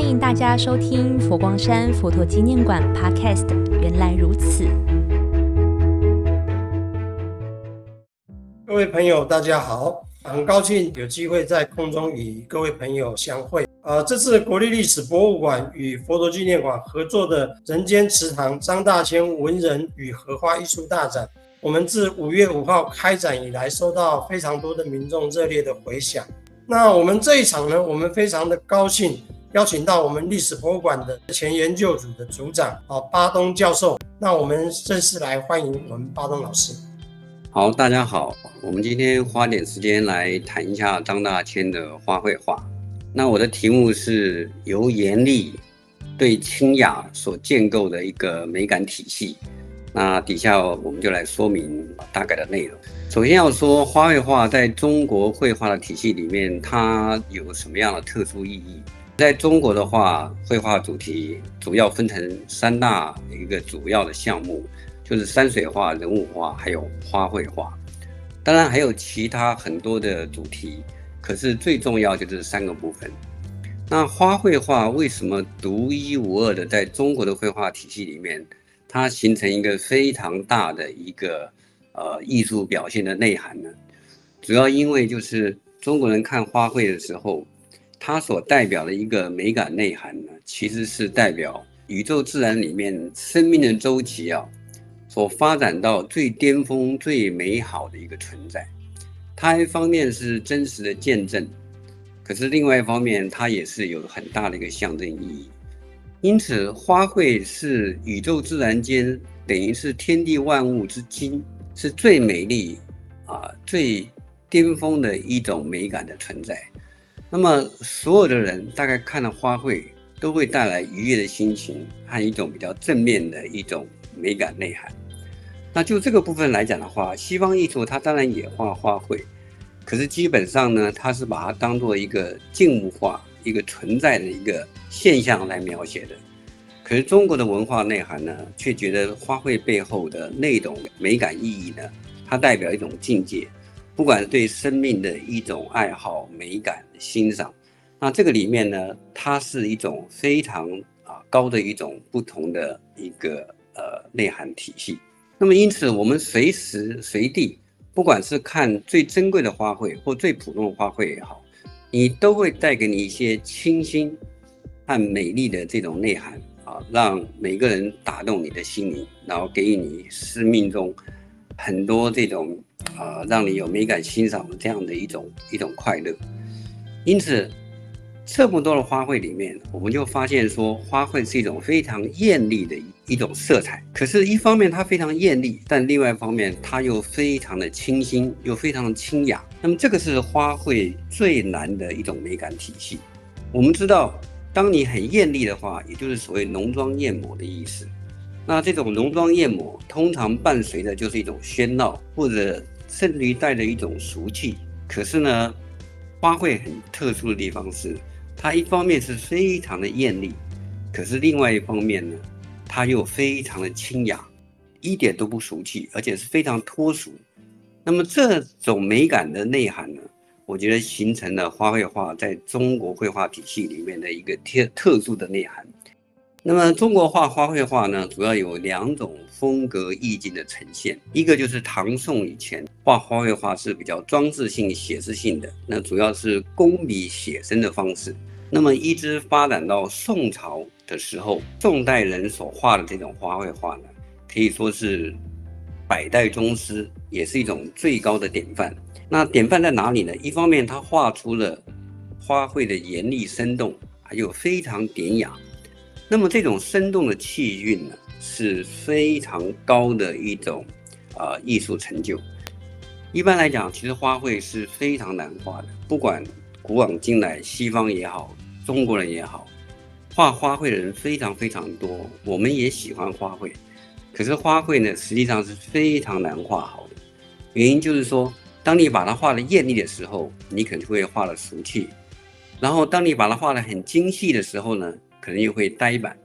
歡迎大家收聽佛光山佛陀紀念館 Podcast。原來如此，各位朋友，大家好，很高興有機會在空中與各位朋友相會。呃，這次國立歷史博物館與佛陀紀念館合作的人間池塘張大千文人與荷花藝術大展，我們自五月五號開展以來，收到非常多的民眾熱烈的回響。那我們這一場呢，我們非常的高興。邀請到我們歷史博物館的前研究組的組長啊，巴東教授。那我們正式來歡迎我們巴東老師。好，大家好，我們今天花點時間來談一下張大千的花卉畫。那我的題目是由妍麗對清雅所建構的一個美感體系。那底下我們就來說明大概的內容。首先要說花卉畫在中國繪畫的體系裡面，它有什麼樣的特殊意義？在中國的話，繪畫主題主要分成三大一個主要的項目，就是山水畫、人物畫，還有花卉畫。當然還有其他很多的主題，可是最重要就是三個部分。那花卉畫為什麼獨一無二的在中國的繪畫體系裡面，它形成一個非常大的一個呃藝術表現的內涵呢？主要因為就是中國人看花卉的時候。它所代表的一個美感內涵呢，其實是代表宇宙自然裡面生命的周期啊，所發展到最巔峰、最美好的一個存在。它一方面是真實的見證，可是另外一方面，它也是有很大的一個象徵意義。因此，花卉是宇宙自然間等於是天地萬物之精，是最美麗啊、最巔峰的一種美感的存在。那麼，所有的人大概看到花卉，都會帶來愉悅的心情和一種比較正面的一種美感內涵。那就這個部分來講的話，西方藝術它當然也畫花卉，可是基本上呢，它是把它當做一個靜物畫、一個存在的一個現象來描寫的。可是中國的文化內涵呢，卻覺得花卉背後的那種美感意義呢，它代表一種境界。不管對生命的一種愛好、美感、欣賞，那這個裡面呢，它是一種非常啊高的一種不同的一個呃內涵體系。那麼因此，我們隨時隨地，不管是看最珍貴的花卉或最普通的花卉也好，你都會帶給你一些清新和美麗的這種內涵啊，讓每個人打動你的心靈，然後給予你生命中很多這種。啊、呃，讓你有美感欣賞的這樣的一種一種快樂。因此，這麼多的花卉裡面，我們就發現說，花卉是一種非常艷麗的一種色彩。可是，一方面它非常艷麗，但另外一方面它又非常的清新，又非常的清雅。那麼，這個是花卉最難的一種美感體系。我們知道，當你很艷麗的話，也就是所謂濃妝艷抹的意思。那這種濃妝豔抹，通常伴隨的就是一種喧鬧，或者甚至於帶着一種俗氣。可是呢，花卉很特殊的地方是，它一方面是非常的豔麗，可是另外一方面呢，它又非常的清雅，一點都不俗氣，而且是非常脫俗。那麼這種美感的內涵呢，我覺得形成了花卉畫在中國繪畫體系裡面的一個特特殊的內涵。那麼中國畫花卉畫呢，主要有兩種風格意境的呈現，一個就是唐宋以前畫花卉畫是比較裝飾性、寫實性的，那主要是工筆寫生的方式。那麼一直發展到宋朝的時候，宋代人所畫的這種花卉畫呢，可以說是百代宗師，也是一種最高的典範。那典範在哪裡呢？一方面他畫出了花卉的妍麗生動，還有非常典雅。那麼這種生動的氣韻呢，是非常高的一種，呃，藝術成就。一般來講，其實花卉是非常難畫的，不管古往今來，西方也好，中國人也好，畫花卉的人非常非常多。我們也喜歡花卉，可是花卉呢，實際上是非常難畫好的。原因就是說，當你把它畫得艷麗的時候，你可能會畫得俗氣；然後，當你把它畫得很精細的時候呢，可能又會呆板，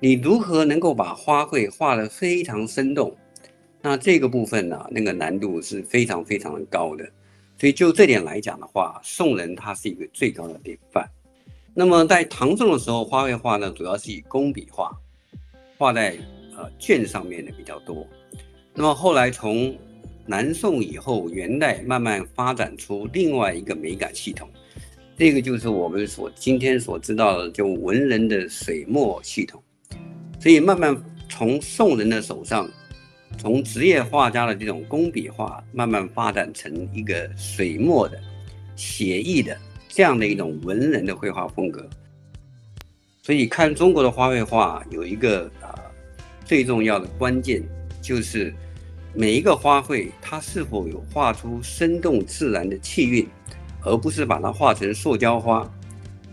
你如何能夠把花卉畫得非常生動？那這個部分呢、啊，那個難度是非常非常的高的。所以就這點來講的話，宋人他是一個最高的典範。那麼在唐宋的時候，花卉畫呢主要是以工筆畫，畫在呃絹上面的比較多。那麼後來從南宋以後，元代慢慢發展出另外一個美感系統。這個就是我們所今天所知道的，就文人的水墨系統。所以，慢慢從宋人的手上，從職業畫家的這種工筆畫，慢慢發展成一個水墨的、寫意的這樣的一種文人的繪畫風格。所以，看中國的花卉畫，有一個啊最重要的關鍵，就是每一個花卉它是否有畫出生動自然的氣韻。而不是把它畫成塑膠花，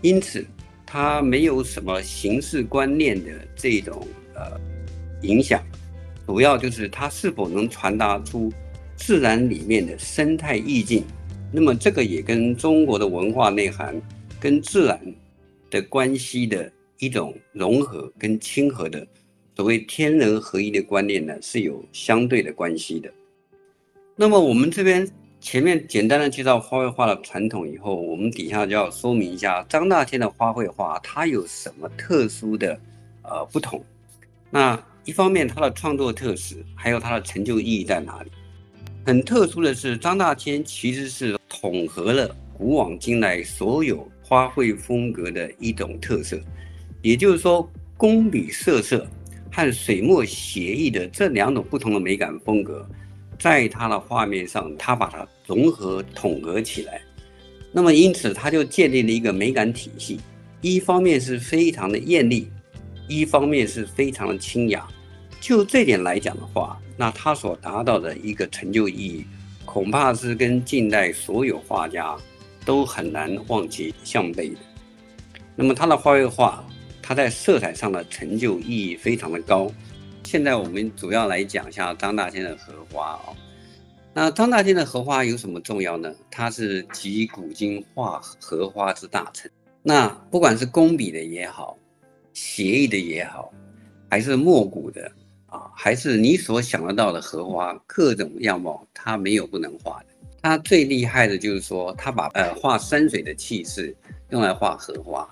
因此它沒有什麼形式觀念的這種呃影響，主要就是它是否能傳達出自然裡面的生態意境。那麼這個也跟中國的文化內涵、跟自然的關係的一種融合跟親和的所謂天人合一的觀念呢，是有相對的關係的。那麼我們這邊。前面簡單的介紹花卉畫的傳統以後，我們底下就要說明一下張大千的花卉畫，它有什麼特殊的，呃不同。那一方面他的創作特色，還有他的成就意義在哪裡？很特殊的是，張大千其實是統合了古往今來所有花卉風格的一種特色，也就是說工筆設色和水墨寫意的這兩種不同的美感風格。在他的畫面上，他把它融合統合起來，那麼因此他就建立了一個美感體系，一方面是非常的艷麗，一方面是非常的清雅。就這點來講的話，那他所達到的一個成就意義，恐怕是跟近代所有畫家都很難望其項背的。那麼他的花卉畫，他在色彩上的成就意義非常的高。現在我們主要來講一下張大千的荷花哦。那張大千的荷花有什麼重要呢？他是集古今畫荷花之大成。那不管是工筆的也好，寫意的也好，還是沒骨的啊，還是你所想得到的荷花各種樣貌，他沒有不能畫的。他最厲害的就是說，他把呃畫山水的氣勢用來畫荷花。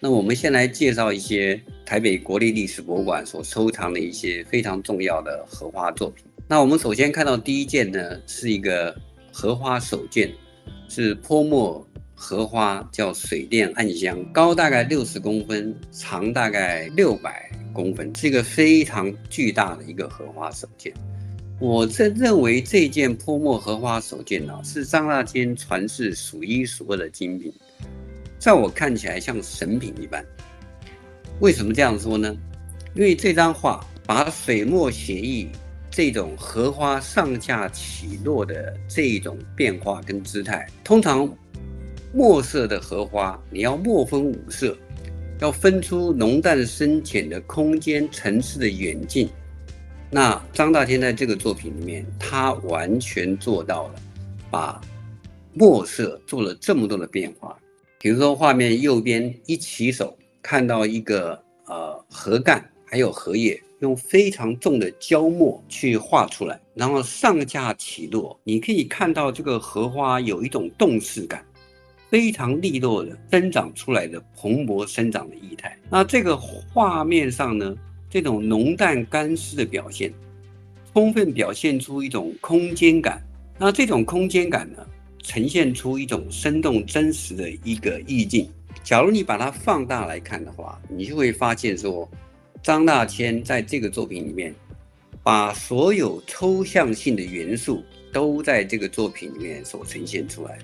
那我們先來介紹一些台北國立歷史博物館所收藏的一些非常重要的荷花作品。那我們首先看到第一件呢，是一個荷花手卷，是潑墨荷花，叫《水殿暗香》，高大概六十公分，長大概六百公分，是一個非常巨大的一個荷花手卷。我真認為這件潑墨荷花手卷呢、啊，是張大千傳世數一數二的精品。在我看起來像神品一般。為什麼這樣說呢？因為這張畫把水墨寫意這種荷花上下起落的這一種變化跟姿態，通常墨色的荷花你要墨分五色，要分出濃淡深淺的空間層次的遠近。那張大千在這個作品裡面，他完全做到了，把墨色做了這麼多的變化。比如說，畫面右邊一起手看到一個呃荷幹，還有荷葉，用非常重的焦墨去畫出來，然後上下起落，你可以看到這個荷花有一種動勢感，非常利落的生長出來的蓬勃生長的意態。那這個畫面上呢，這種濃淡乾濕的表現，充分表現出一種空間感。那這種空間感呢，呈現出一種生動真實的一個意境。假如你把它放大來看的話，你就會發現說，張大千在這個作品裡面，把所有抽象性的元素都在這個作品裡面所呈現出來。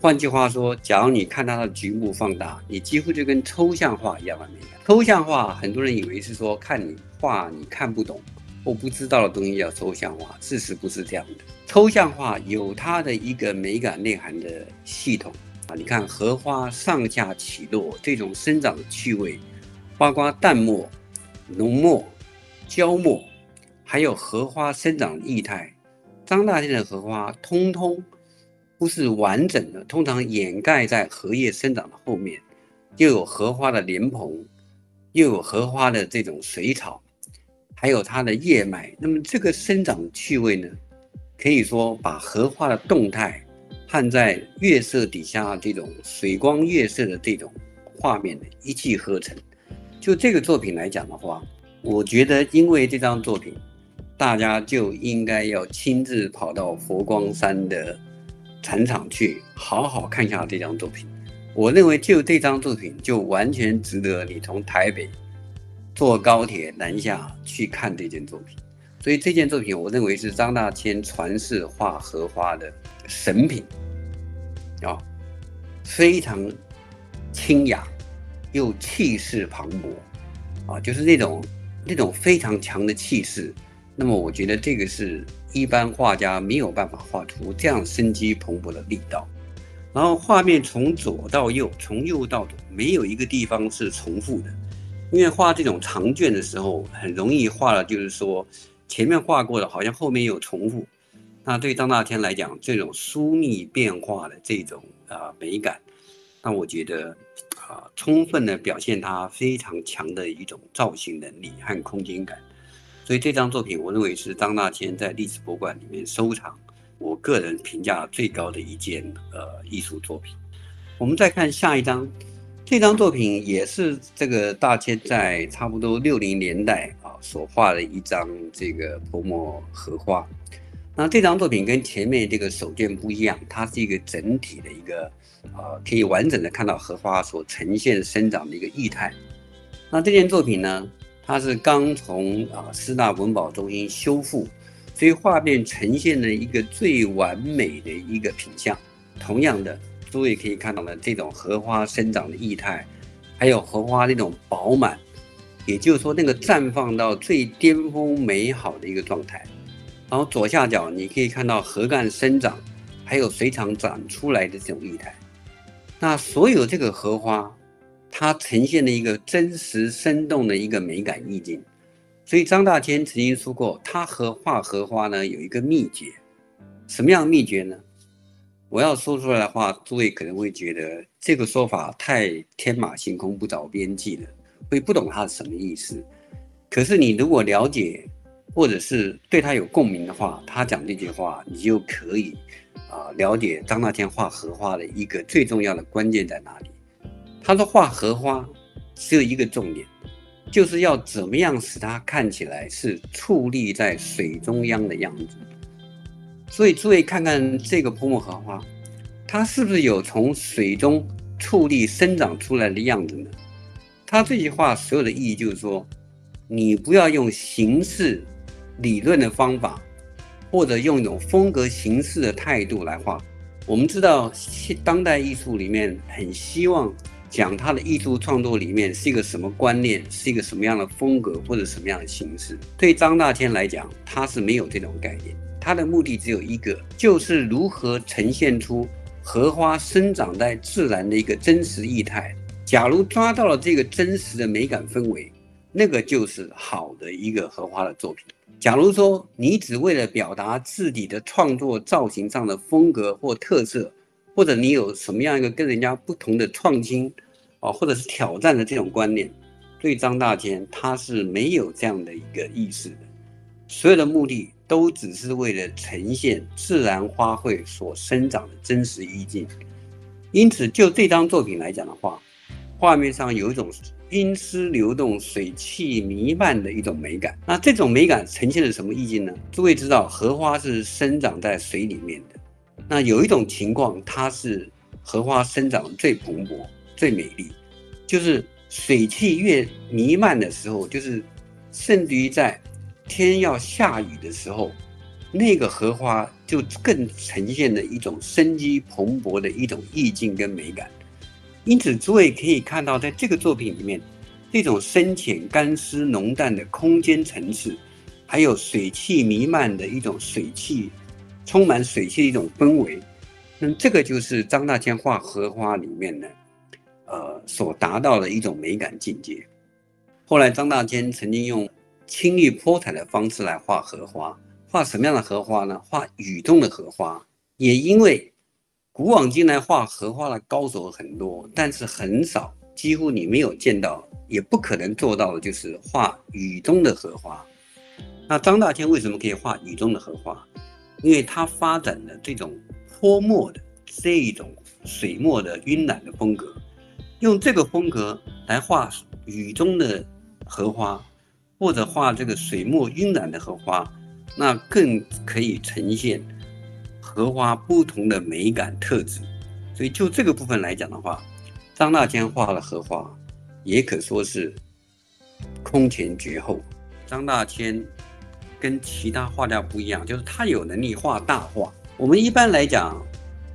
換句話說，假如你看他的局部放大，你幾乎就跟抽象畫一樣完美了。抽象畫很多人以為是說看你畫你看不懂，我不知道的東西叫抽象畫，事實不是這樣的。抽象化有它的一個美感內涵的系統啊！你看荷花上下起落這種生長的趣味，包括淡墨、濃墨、焦墨，還有荷花生長的意態。張大千的荷花通通不是完整的，通常掩蓋在荷葉生長的後面，又有荷花的蓮蓬，又有荷花的這種水草，還有它的葉脈。那麼這個生長的趣味呢？可以說把荷花的動態，焊在月色底下這種水光月色的這種畫面一氣呵成。就這個作品來講的話，我覺得因為這張作品，大家就應該要親自跑到佛光山的禪場去好好看一下這張作品。我認為就這張作品就完全值得你從台北坐高鐵南下去看這件作品。所以這件作品，我認為是張大千傳世畫荷花的神品啊，非常清雅，又氣勢磅礴啊，就是那種那種非常強的氣勢。那麼我覺得這個是一般畫家沒有辦法畫出這樣生機蓬勃的力道。然後畫面從左到右，從右到左，沒有一個地方是重複的，因為畫這種長卷的時候，很容易畫了就是說。前面畫過的，好像後面有重複。那對張大千來講，這種疏密變化的這種啊、呃、美感，那我覺得啊、呃，充分的表現他非常強的一種造型能力和空間感。所以這張作品，我認為是張大千在歷史博物館裡面收藏，我個人評價最高的一件呃藝術作品。我們再看下一張，這張作品也是這個大千在差不多六零年代。所畫的一張這個潑墨荷花，那這張作品跟前面這個手絹不一樣，它是一個整體的一個，呃，可以完整的看到荷花所呈現生長的一個異態。那這件作品呢，它是剛從啊，四、呃、大文保中心修復，所以畫面呈現了一個最完美的一個品相。同樣的，諸位可以看到的這種荷花生長的異態，還有荷花這種飽滿。也就是說，那個綻放到最巔峰、美好的一個狀態。然後左下角你可以看到荷干生長，還有水草長出來的這種意態。那所有這個荷花，它呈現的一個真實生動的一個美感意境。所以張大千曾經說過，他和畫荷花呢有一個秘訣，什麼樣秘訣呢？我要說出來的話，諸位可能會覺得這個說法太天馬行空、不着邊際了。會不懂他是什麼意思，可是你如果了解，或者是對他有共鳴的話，他講這句話，你就可以啊、呃、了解張大千畫荷花的一個最重要的關鍵在哪裡。他說畫荷花只有一個重點，就是要怎麼樣使它看起來是矗立在水中央的樣子。所以諸位看看這個潑墨荷花，它是不是有從水中矗立生長出來的樣子呢？他這句話所有的意義就是說，你不要用形式理論的方法，或者用一種風格形式的態度來畫。我們知道，當代藝術裡面很希望講他的藝術創作裡面是一個什麼觀念，是一個什麼樣的風格，或者什麼樣的形式。對張大千來講，他是沒有這種概念，他的目的只有一個，就是如何呈現出荷花生長在自然的一個真實意態。假如抓到了這個真實的美感氛圍，那個就是好的一個荷花的作品。假如說你只為了表達自己的創作造型上的風格或特色，或者你有什麼樣一個跟人家不同的創新啊，或者是挑戰的這種觀念，對張大千他是沒有這樣的一個意識的。所有的目的都只是為了呈現自然花卉所生長的真實意境。因此，就這張作品來講的話。畫面上有一種陰濕流動、水汽瀰漫的一種美感。那這種美感呈現了什麼意境呢？諸位知道，荷花是生長在水裡面的。那有一種情況，它是荷花生長最蓬勃、最美麗，就是水汽越瀰漫的時候，就是甚至於在天要下雨的時候，那個荷花就更呈現了一種生機蓬勃的一種意境跟美感。因此，諸位可以看到，在這個作品裡面，這種深淺、乾濕、濃淡的空間層次，還有水汽彌漫的一種水汽、充滿水汽的一種氛圍，那、嗯、這個就是張大千畫荷花裡面的，呃，所達到的一種美感境界。後來，張大千曾經用青綠潑彩的方式來畫荷花，畫什麼樣的荷花呢？畫雨中的荷花，也因為。古往今來畫荷花的高手很多，但是很少，幾乎你沒有見到，也不可能做到的就是畫雨中的荷花。那張大千為什麼可以畫雨中的荷花？因為他發展的這種潑墨的這一種水墨的暈染的風格，用這個風格來畫雨中的荷花，或者畫這個水墨暈染的荷花，那更可以呈現。荷花不同的美感特質，所以就這個部分來講的話，張大千畫了荷花，也可說是空前絕後。張大千跟其他畫家不一樣，就是他有能力畫大畫。我們一般來講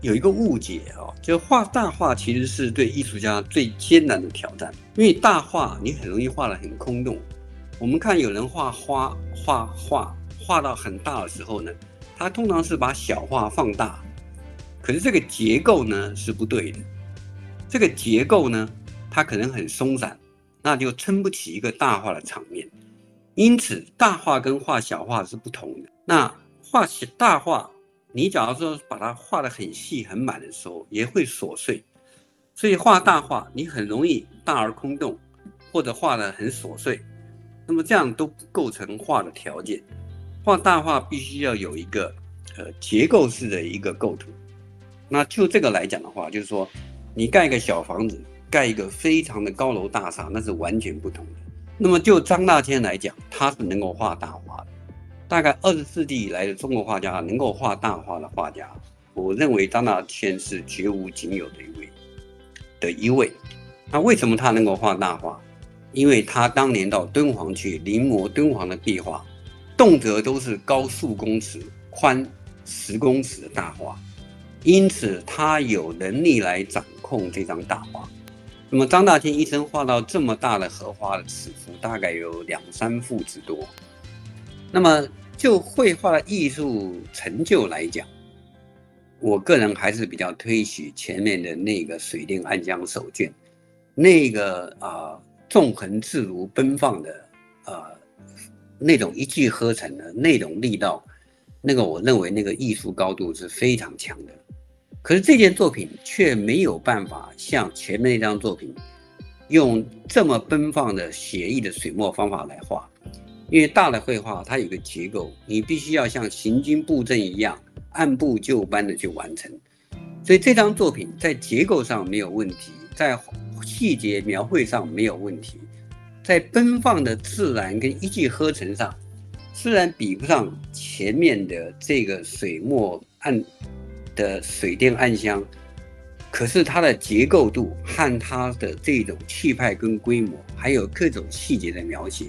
有一個誤解哦，就畫大畫其實是對藝術家最艱難的挑戰，因為大畫你很容易畫得很空洞。我們看有人畫畫，畫畫畫到很大的時候呢。它通常是把小畫放大，可是這個結構呢是不對的。這個結構呢，它可能很鬆散，那就撐不起一個大畫的場面。因此，大畫跟畫小畫是不同的。那畫起大畫，你假如說把它畫得很細很滿的時候，也會瑣碎。所以畫大畫，你很容易大而空洞，或者畫得很瑣碎。那麼這樣都不構成畫的條件。畫大畫必須要有一個，呃，結構式的一個構圖。那就這個來講的話，就是說，你蓋一個小房子，蓋一個非常的高樓大廈，那是完全不同的。那麼就張大千來講，他是能夠畫大畫的。大概二十世紀以來的中國畫家，能夠畫大畫的畫家，我認為張大千是絕無僅有的一位的一位。那為什麼他能夠畫大畫？因為他當年到敦煌去臨摹敦煌的壁畫。動輒都是高數公尺寬十公尺的大畫，因此他有能力來掌控這張大畫。那麼張大千一生畫到這麼大的荷花的尺幅，大概有兩三幅之多。那麼就繪畫的藝術成就來講，我個人還是比較推許前面的那個《水殿暗香》手卷，那個啊、呃、縱橫自如、奔放的啊。呃那種一氣呵成的那種力道，那個我認為那個藝術高度是非常強的。可是這件作品卻沒有辦法像前面那張作品用這麼奔放的寫意的水墨方法來畫，因為大的繪畫它有個結構，你必須要像行軍布陣一樣按部就班的去完成。所以這張作品在結構上沒有問題，在細節描繪上沒有問題。在奔放的自然跟一氣呵成上，雖然比不上前面的這個水墨暗的《水殿暗香》，可是它的結構度和它的這種氣派跟規模，還有各種細節的描寫，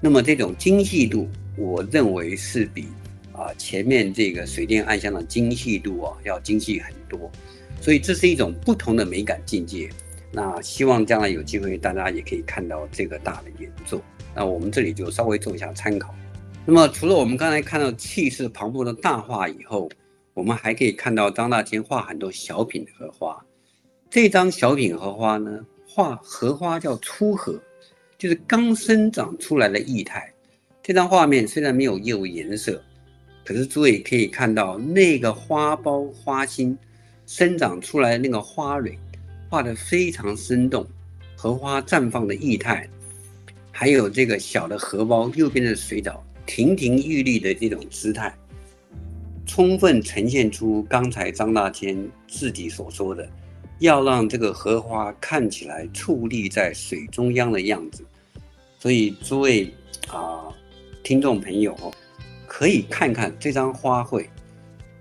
那麼這種精細度，我認為是比啊前面這個《水殿暗香》的精細度啊要精細很多，所以這是一種不同的美感境界。那希望將來有機會，大家也可以看到這個大的原作。那我們這裡就稍微做一下參考。那麼除了我們剛才看到氣勢磅礴的大畫以後，我們還可以看到張大千畫很多小品荷花。這張小品荷花呢，畫荷花叫初荷，就是剛生長出來的異態。這張畫面雖然沒有業務顏色，可是諸位可以看到那個花苞花心生長出來的那個花蕊。畫得非常生動，荷花綻放的意態，還有這個小的荷包，右邊的水藻，亭亭玉立的這種姿態，充分呈現出剛才張大千自己所說的，要讓這個荷花看起來矗立在水中央的樣子。所以諸位啊、呃，聽眾朋友可以看看這張花卉。.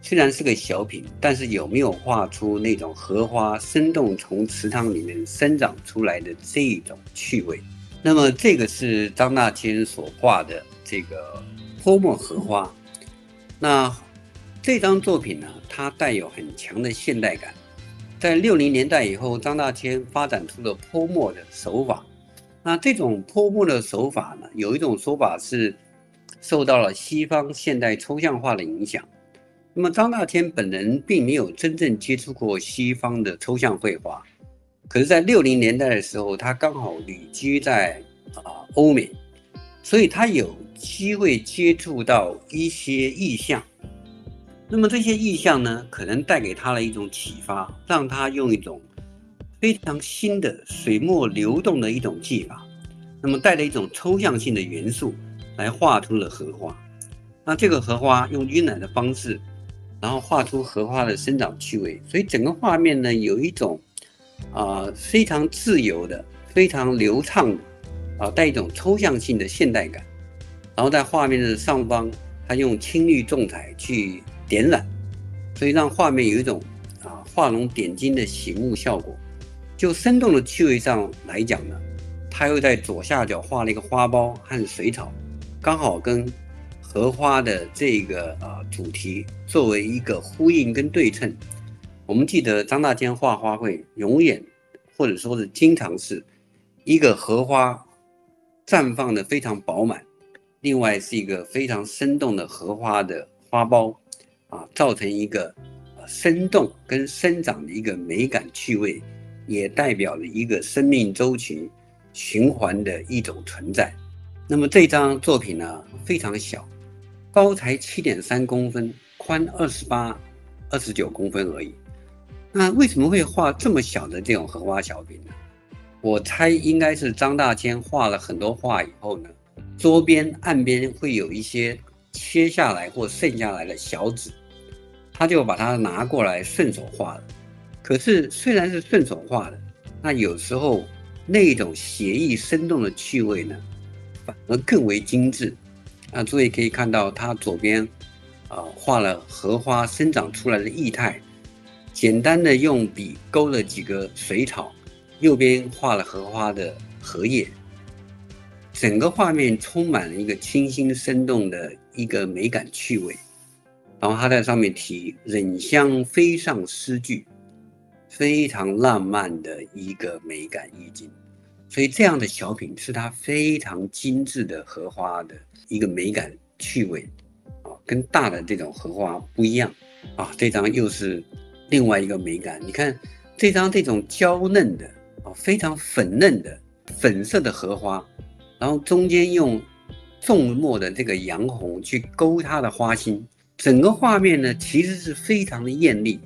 雖然是個小品，但是有沒有畫出那種荷花生動從池塘裡面生長出來的這一種趣味？那麼這個是張大千所畫的這個潑墨荷花。那這張作品呢，它帶有很強的現代感。在六零年代以後，張大千發展出了潑墨的手法。那這種潑墨的手法呢，有一種說法是受到了西方現代抽象畫的影響。那麼，張大千本人並沒有真正接觸過西方的抽象繪畫，可是，在六零年代的時候，他剛好旅居在啊、呃、歐美，所以他有機會接觸到一些意象。那麼這些意象呢，可能帶給他了一種啟發，讓他用一種非常新的水墨流動的一種技法，那麼帶着一種抽象性的元素來畫出了荷花。那這個荷花用暈染的方式。然後畫出荷花的生長趣味，所以整個畫面呢有一種，啊、呃、非常自由的、非常流暢的，啊、呃、帶一種抽象性的現代感。然後在畫面的上方，他用青綠重彩去點染，所以讓畫面有一種啊、呃、畫龍點睛的醒目效果。就生動的趣味上來講呢，他又在左下角畫了一個花苞和水草，剛好跟。荷花的這個呃主題作為一個呼應跟對稱。我們記得張大千畫花卉，永遠或者說是經常是一個荷花綻放得非常飽滿，另外是一個非常生動的荷花的花苞，啊，造成一個生動跟生長的一個美感趣味，也代表了一個生命週期循環的一種存在。那麼這張作品呢，非常小。高才七點三公分，寬二十八、二十九公分而已。那為什麼會畫這麼小的這種荷花小品呢？我猜應該是張大千畫了很多畫以後呢，桌邊、岸邊會有一些切下來或剩下來的小紙，他就把它拿過來順手畫了。可是雖然是順手畫的，那有時候那種寫意生動的趣味呢，反而更為精緻。那注意可以看到，他左邊，啊、呃，畫了荷花生長出來的意態，簡單的用筆勾了幾個水草，右邊畫了荷花的荷葉，整個畫面充滿了一個清新生動的一個美感趣味。然後他在上面題“忍香飛上詩句”，非常浪漫的一個美感意境。所以這樣的小品是它，非常精緻的荷花的一個美感趣味，啊，跟大的這種荷花不一樣，啊，這張又是另外一個美感。你看這張這種嬌嫩的啊，非常粉嫩的粉色的荷花，然後中間用重墨的這個洋紅去勾它的花心，整個畫面呢，其實是非常的豔麗。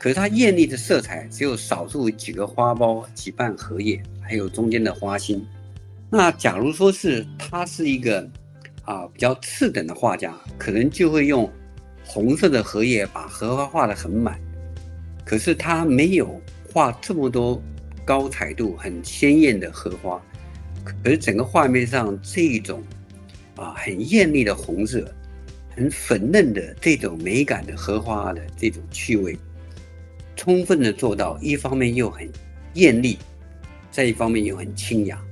可是它艷麗的色彩，只有少數幾個花苞，幾瓣荷葉，還有中間的花心。那假如說是他是一個啊比較次等的畫家，可能就會用紅色的荷葉把荷花畫得很滿。可是他沒有畫這麼多高彩度，很鮮艷的荷花，而整個畫面上這一種啊很艷麗的紅色，很粉嫩的這種美感的荷花的這種趣味。充分的做到，一方面又很艷麗，再一方面又很清雅，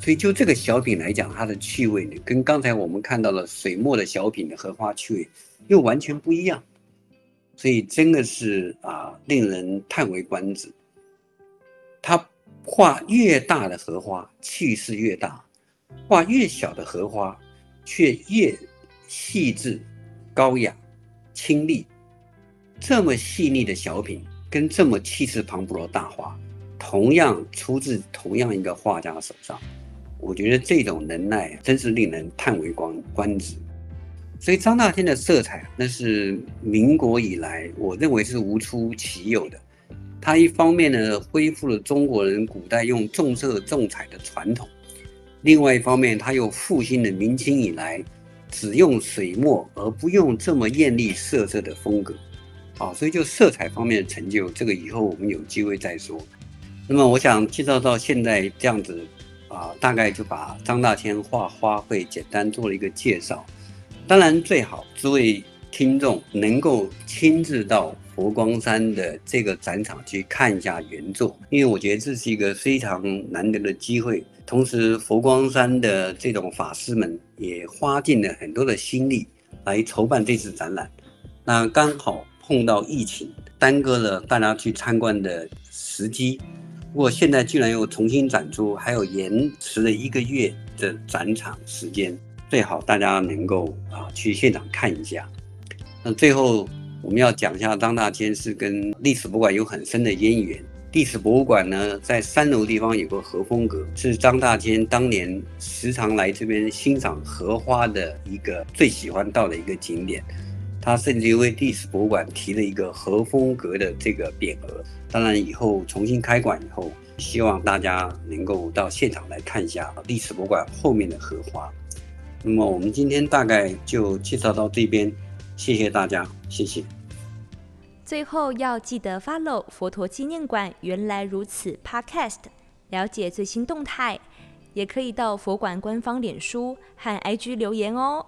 所以就這個小品來講，它的趣味呢，跟剛才我們看到的水墨的小品的荷花趣味又完全不一樣，所以真的是啊，令人嘆為觀止。他畫越大的荷花，氣勢越大；畫越小的荷花，卻越細緻、高雅、清麗。這麼細膩的小品。跟這麼氣勢磅礴的大畫，同樣出自同樣一個畫家的手上，我覺得這種能耐真是令人嘆為觀觀止。所以張大千的色彩，那是民國以來我認為是無出其右的。他一方面呢恢復了中國人古代用重色重彩的傳統，另外一方面他又復興了明清以來只用水墨而不用這麼艷麗色彩的風格。啊，所以就色彩方面的成就，這個以後我們有機會再說。那麼我想介紹到現在這樣子，啊、呃，大概就把張大千畫花卉簡單做了一個介紹。當然，最好諸位聽眾能夠親自到佛光山的這個展場去看一下原作，因為我覺得這是一個非常難得的機會。同時，佛光山的這種法師們也花盡了很多的心力來籌辦這次展覽。那剛好。碰到疫情，耽擱了大家去參觀的時機。不過現在居然又重新展出，還有延遲了一個月的展場時間，最好大家能夠啊去現場看一下。那最後我們要講一下張大千是跟歷史博物館有很深的淵源。歷史博物館呢，在三樓地方有個荷風閣，是張大千當年時常來這邊欣賞荷花的一個最喜歡到的一個景點。他甚至為歷史博物館提了一個荷風閣的這個匾額。當然，以後重新開館以後，希望大家能夠到現場來看一下歷史博物館後面的荷花。那麼，我們今天大概就介紹到這邊，謝謝大家，謝謝。最後要記得 follow 佛陀紀念館原來如此 Podcast，了解最新動態，也可以到佛館官方臉書和 IG 留言哦。